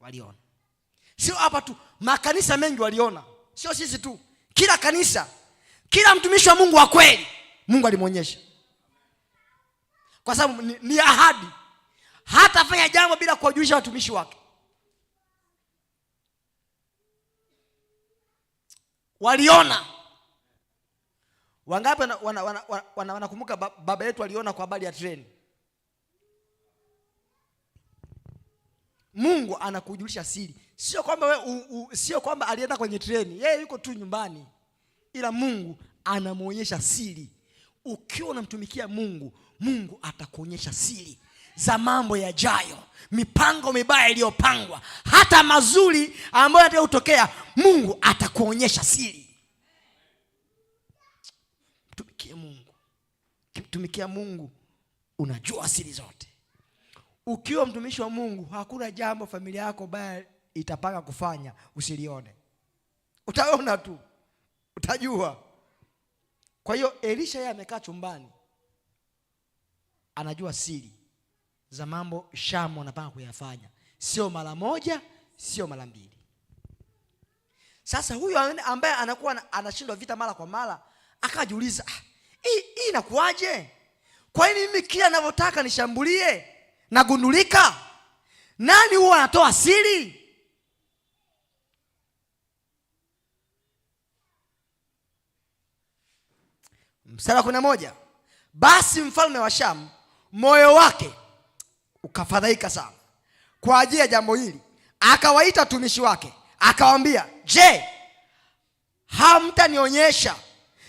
waliona, sio hapa tu, makanisa mengi waliona, sio sisi tu, kila kanisa, kila mtumishi wa Mungu wa kweli, Mungu alimwonyesha, kwa sababu ni, ni ahadi, hatafanya jambo bila kuwajulisha watumishi wake. Waliona wangapi? Wanakumbuka wana, wana, wana, wana baba yetu aliona kwa habari ya treni Mungu anakujulisha siri, sio kwamba we, sio kwamba alienda kwenye treni, yeye yuko tu nyumbani, ila Mungu anamwonyesha siri. Ukiwa unamtumikia Mungu, Mungu atakuonyesha siri za mambo yajayo, mipango mibaya iliyopangwa, hata mazuri ambayo kutokea Mungu atakuonyesha siri. Mtumikie Mungu, kimtumikia Mungu unajua siri zote. Ukiwa mtumishi wa Mungu, hakuna jambo familia yako baya itapanga kufanya usilione, utaona tu, utajua. Kwa hiyo Elisha yeye amekaa chumbani, anajua siri za mambo Shamu anapanga kuyafanya, sio mara moja, sio mara mbili. Sasa huyu ambaye anakuwa anashindwa vita mara kwa mara, akajiuliza ah, hii inakuwaje? Kwa nini mimi kila ninavyotaka nishambulie nagundulika, nani huwa anatoa siri? msara wa kumi na moja, basi mfalme wa Shamu moyo wake ukafadhaika sana kwa ajili ya jambo hili, akawaita watumishi wake akawambia je, hamtanionyesha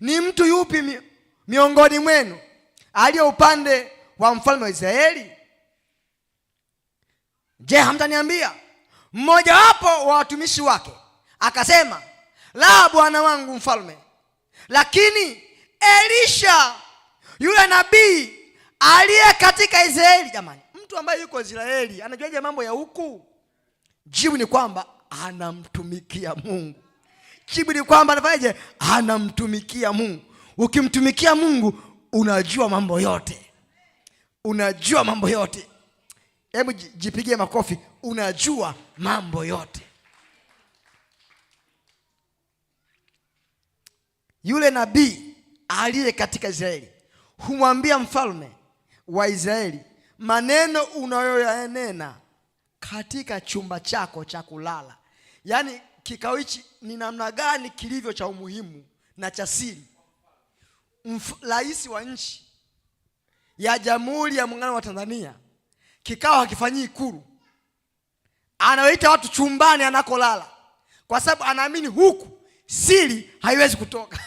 ni mtu yupi miongoni mwenu aliye upande wa mfalme wa Israeli? Je, hamtaniambia? Mmojawapo wa watumishi wake akasema, la bwana wangu mfalme, lakini Elisha yule nabii aliye katika Israeli. Jamani, mtu ambaye yuko Israeli anajuaje mambo ya huku? Jibu ni kwamba anamtumikia Mungu. Jibu ni kwamba anafanyaje? Anamtumikia Mungu. Ukimtumikia Mungu unajua mambo yote, unajua mambo yote. Hebu jipigie makofi. Unajua mambo yote. Yule nabii aliye katika Israeli humwambia mfalme wa Israeli maneno unayoyanena katika chumba chako cha kulala. Yaani kikao hichi ni namna gani kilivyo cha umuhimu na cha siri. Rais wa nchi ya Jamhuri ya Muungano wa Tanzania Kikao hakifanyii Ikulu, anawaita watu chumbani anakolala, kwa sababu anaamini huku siri haiwezi kutoka.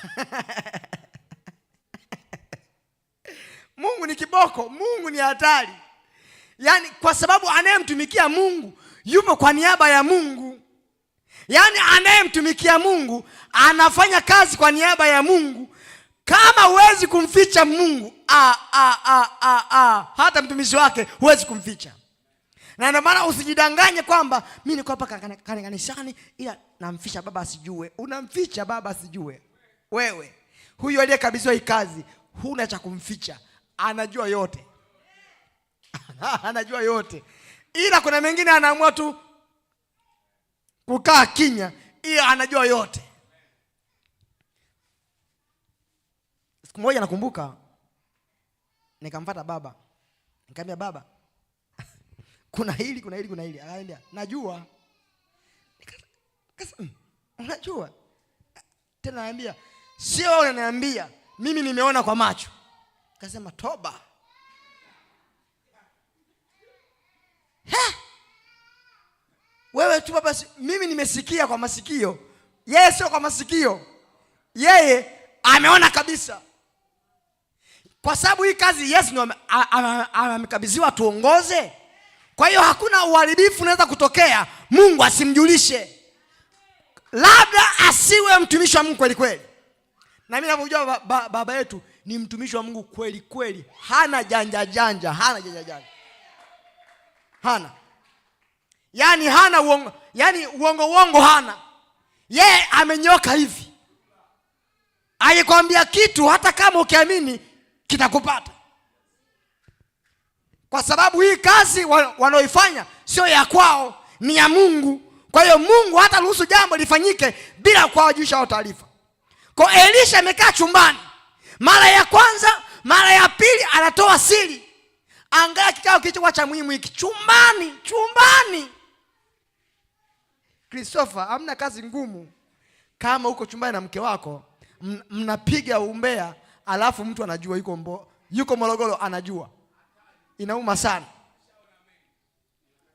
Mungu ni kiboko, Mungu ni hatari, yaani kwa sababu anayemtumikia Mungu yupo kwa niaba ya Mungu, yaani anayemtumikia Mungu anafanya kazi kwa niaba ya Mungu kama huwezi kumficha Mungu a, a, a, a, a, hata mtumishi wake huwezi kumficha, na ndio maana usijidanganye kwamba mimi niko hapa ila namficha baba asijue. Unamficha baba asijue. Wewe huyu aliyekabidhiwa hii kazi, huna cha kumficha, anajua yote anajua yote, ila kuna mengine anaamua tu kukaa kinya, ila anajua yote. Siku moja nakumbuka nikamfata baba. Nikamwambia baba, kuna hili, kuna hili, kuna hili. akaambia "Najua." Nikasema, hmm, "Unajua?" Tena ananiambia, "Sio wewe unaniambia, mimi nimeona kwa macho." Nikasema, "Toba." Ha! Wewe tu baba, mimi nimesikia kwa masikio. Yeye sio kwa masikio. Yeye ameona kabisa kwa sababu hii kazi Yesu ndio amekabidhiwa tuongoze. Kwa hiyo hakuna uharibifu unaweza kutokea Mungu asimjulishe, labda asiwe mtumishi wa Mungu kweli kweli. Na mimi ninavyojua ba, ba, baba yetu ni mtumishi wa Mungu kweli kweli, hana janja janja, hana janja janja, hana yaani hana uongo, yani uongo uongo hana. Yeye amenyoka hivi, aikwambia kitu hata kama ukiamini kitakupata, kwa sababu hii kazi wanaoifanya sio ya kwao, ni ya Mungu. Kwa hiyo Mungu hata ruhusu jambo lifanyike bila kuwajulisha wao taarifa. Kwa Elisha amekaa chumbani, mara ya kwanza, mara ya pili anatoa siri. Angalia kikao kilichokuwa cha muhimu hiki, chumbani, chumbani. Christopher, hamna kazi ngumu kama uko chumbani na mke wako mnapiga umbea alafu mtu anajua yuko mbo, yuko Morogoro, anajua inauma sana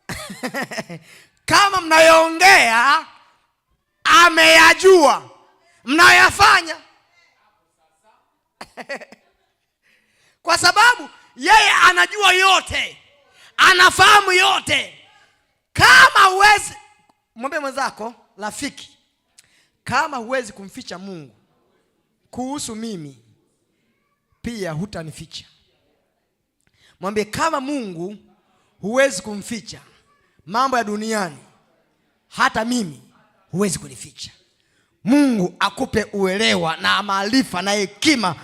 kama mnayoongea ameyajua mnayoyafanya kwa sababu yeye anajua yote, anafahamu yote. Kama huwezi mwambie mwenzako rafiki, kama huwezi kumficha Mungu kuhusu mimi pia hutanificha. Mwambie kama Mungu huwezi kumficha mambo ya duniani, hata mimi huwezi kunificha. Mungu akupe uelewa na maarifa na hekima,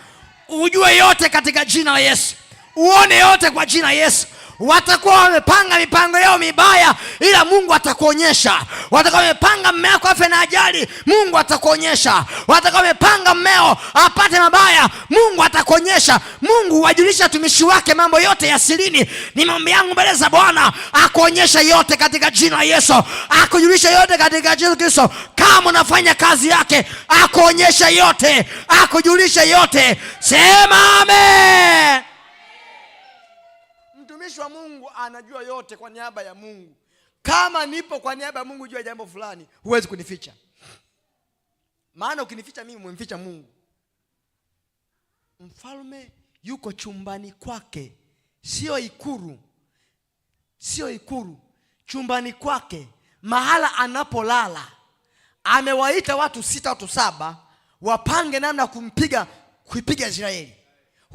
ujue yote katika jina la Yesu, uone yote kwa jina la Yesu. Watakuwa wamepanga mipango yao mibaya, ila Mungu atakuonyesha. Watakuwa wamepanga mume wako afe na ajali, Mungu atakuonyesha. Watakuwa wamepanga mmeo apate mabaya, Mungu atakuonyesha. Mungu wajulisha tumishi wake mambo yote ya sirini. Ni maombi yangu mbele za Bwana akuonyesha yote katika jina la Yesu, akujulisha yote katika Yesu Kristo. Kama unafanya kazi yake, akuonyesha yote, akujulisha yote. Sema amen mtumishi wa Mungu anajua yote kwa niaba ya Mungu. Kama nipo kwa niaba ya Mungu juu ya jambo fulani, huwezi kunificha, maana ukinificha mimi umemficha Mungu. Mfalme yuko chumbani kwake, sio ikuru sio ikuru chumbani kwake, mahala anapolala. Amewaita watu sita, watu saba, wapange namna ya kumpiga, kuipiga Israeli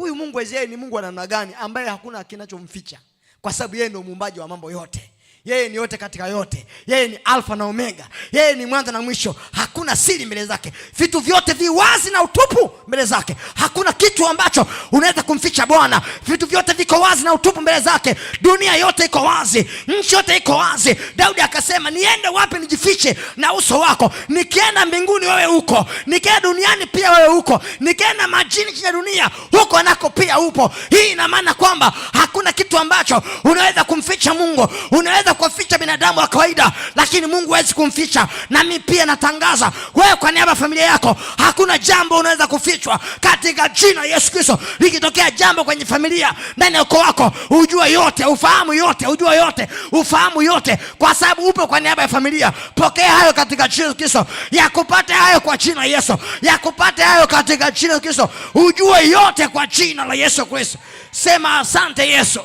huyu Mungu Yeye ni Mungu wa namna gani ambaye hakuna kinachomficha, kwa sababu yeye ndio muumbaji wa mambo yote. Yeye ni yote katika yote, yeye ni alfa na omega, yeye ni mwanzo na mwisho. Hakuna siri mbele zake, vitu vyote wazi na utupu mbele zake. Hakuna kitu ambacho unaweza kumficha Bwana. Vitu vyote viko wazi na utupu mbele zake, dunia yote iko wazi, nchi yote iko wazi. Daudi akasema, niende wapi nijifiche na uso wako? Nikienda mbinguni, wewe huko, nikienda duniani pia wewe huko, nikienda majini chini ya dunia, huko anako pia upo. Hii ina maana kwamba hakuna kitu ambacho unaweza kumficha Mungu, unaweza anaweza kuwaficha binadamu wa kawaida, lakini Mungu hawezi kumficha. Nami pia natangaza wewe, kwa niaba ya familia yako, hakuna jambo unaweza kufichwa katika jina Yesu Kristo. Likitokea jambo kwenye familia, ndani ya ukoo wako, ujua yote, ufahamu yote, ujua yote, ufahamu yote, kwa sababu upo kwa niaba ya familia. Pokea hayo katika jina Yesu Kristo, yakupate hayo kwa jina Yesu, yakupate hayo katika jina Yesu Kristo, ujue yote kwa jina la Yesu Kristo. Sema asante Yesu,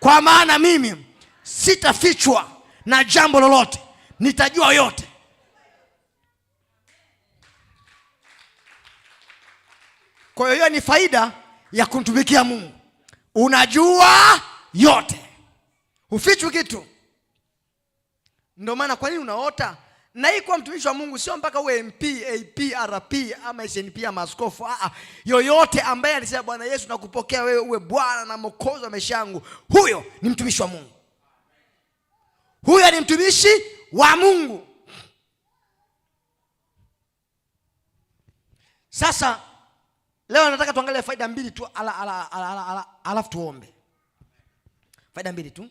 kwa maana mimi sitafichwa na jambo lolote, nitajua yote. Kwa hiyo hiyo ni faida ya kumtumikia Mungu, unajua yote, hufichwi kitu. Ndio maana kwa nini unaota na hii kuwa mtumishi wa Mungu sio mpaka uwe MP, AP, RP ama SNP ama askofu. Aa, ah, ah. yoyote ambaye alisema Bwana Yesu nakupokea wewe uwe Bwana na Mwokozi wa maisha yangu, huyo ni mtumishi wa Mungu huyo ni mtumishi wa Mungu. Sasa leo nataka tuangalie faida mbili tu, ala, ala, ala, ala, ala, alafu tuombe. Faida mbili tu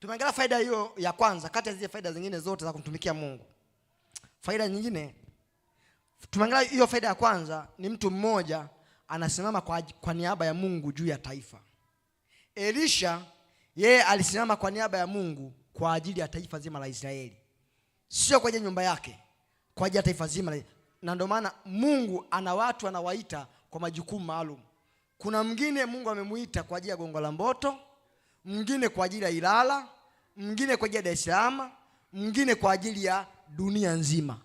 tumeangalia faida hiyo ya kwanza kati ya zile faida zingine zote za kumtumikia Mungu. Faida nyingine tumeangalia hiyo faida ya kwanza ni mtu mmoja anasimama kwa, kwa niaba ya Mungu juu ya taifa. Elisha yeye alisimama kwa niaba ya Mungu kwa ajili ya taifa zima la Israeli, sio kwenye nyumba yake, kwa ajili ya taifa zima la na ndio maana Mungu ana watu anawaita kwa majukumu maalum. Kuna mgine Mungu amemuita kwa ajili ya Gongo la Mboto, mwingine kwa ajili ya Ilala, mwingine kwa ajili ya Dar es Salaam, mwingine kwa ajili ya dunia nzima.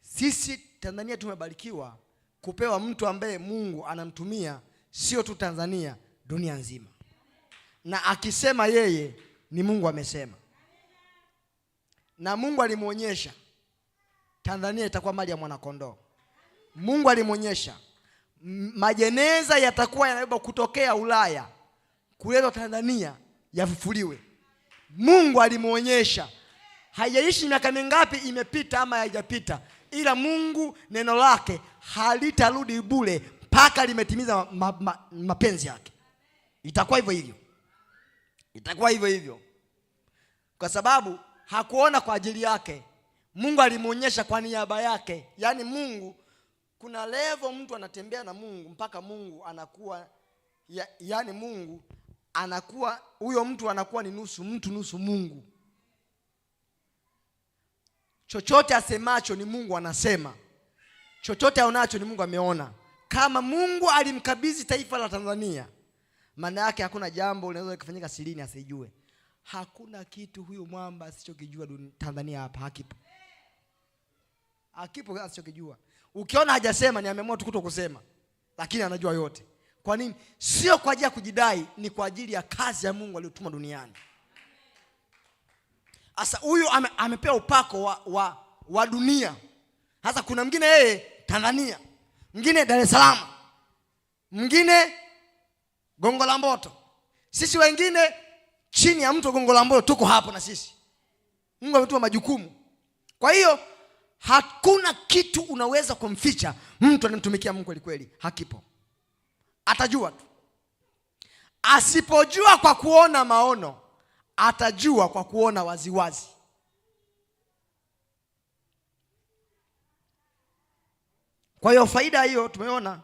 Sisi Tanzania tumebarikiwa kupewa mtu ambaye Mungu anamtumia sio tu Tanzania dunia nzima, na akisema yeye ni Mungu amesema, na Mungu alimwonyesha Tanzania itakuwa mali ya mwanakondoo. Mungu alimwonyesha majeneza yatakuwa yanabeba kutokea Ulaya kuletwa Tanzania yafufuliwe. Mungu alimwonyesha. Haijaishi miaka mingapi imepita ama haijapita, ila Mungu neno lake halitarudi bure mpaka limetimiza ma, ma, mapenzi yake. Itakuwa hivyo hivyo, itakuwa hivyo hivyo, kwa sababu hakuona kwa ajili yake, Mungu alimuonyesha kwa niaba yake. Yaani Mungu, kuna levo mtu anatembea na Mungu mpaka Mungu anakuwa ya, yaani Mungu anakuwa huyo mtu anakuwa ni nusu mtu nusu Mungu. Chochote asemacho ni Mungu anasema, chochote aonacho ni Mungu ameona. Kama Mungu alimkabidhi taifa la Tanzania maana yake hakuna jambo linaweza kufanyika sirini asijue. Hakuna kitu huyu mwamba asichokijua Tanzania hapa hakipo. Hakipo asichokijua. Ukiona hajasema ni ameamua tu kutokusema. Lakini anajua yote. Kwa nini? Sio kwa ajili ya kujidai, ni kwa ajili ya kazi ya Mungu aliyotuma duniani. Sasa huyu ame, amepewa upako wa, wa, wa dunia. Sasa kuna mwingine yeye Tanzania, mwingine Dar es Salaam, mwingine Gongo la Mboto. Sisi wengine chini ya mto Gongo la Mboto tuko hapo na sisi. Mungu ametupa majukumu. Kwa hiyo hakuna kitu unaweza kumficha mtu anamtumikia Mungu kweli kweli, hakipo. Atajua tu. Asipojua kwa kuona maono, atajua kwa kuona waziwazi. Kwa hiyo faida hiyo tumeona,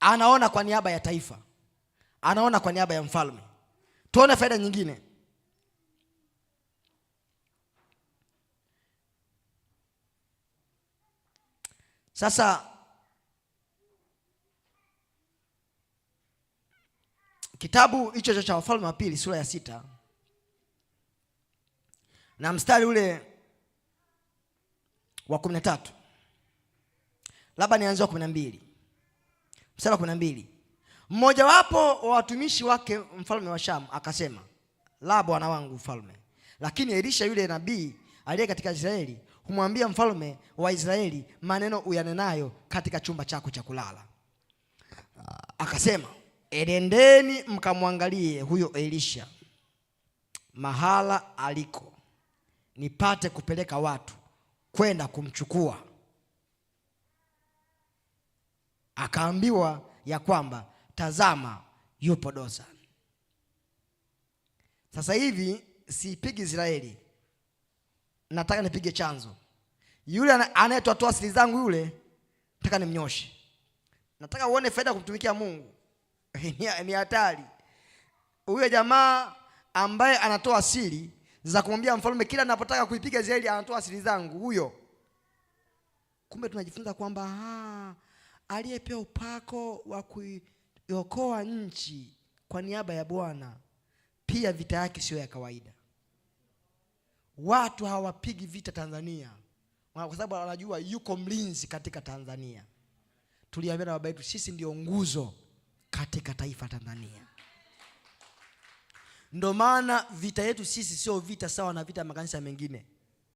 anaona kwa niaba ya taifa anaona kwa niaba ya mfalme. Tuone faida nyingine. Sasa kitabu hicho cha Wafalme wa Pili sura ya sita na mstari ule wa kumi na tatu labda nianzia wa kumi na mbili mstari wa kumi na mbili Mmojawapo wa watumishi wake mfalme wa Shamu akasema, la bwana wangu mfalme. Lakini Elisha yule nabii aliye katika Israeli humwambia mfalme wa Israeli maneno uyanenayo katika chumba chako cha kulala. Ah, akasema, enendeni mkamwangalie huyo Elisha mahala aliko, nipate kupeleka watu kwenda kumchukua. Akaambiwa ya kwamba tazama yupo Dosa. Sasa hivi siipigi Israeli, nataka nipige chanzo. Yule toa siri zangu yule nataka nimnyoshe, nataka uone faida kumtumikia Mungu. Ni hatari huyo jamaa ambaye anatoa siri za kumwambia mfalme kila ninapotaka kuipiga Israeli anatoa siri zangu huyo. Kumbe tunajifunza kwamba ah, aliyepewa upako wa kui okoa nchi kwa niaba ya Bwana, pia vita yake sio ya kawaida. Watu hawapigi vita Tanzania kwa sababu wanajua yuko mlinzi katika Tanzania. Tuliambia na baba yetu, sisi ndio nguzo katika taifa Tanzania. Ndio maana vita yetu sisi sio vita sawa na vita ya makanisa mengine.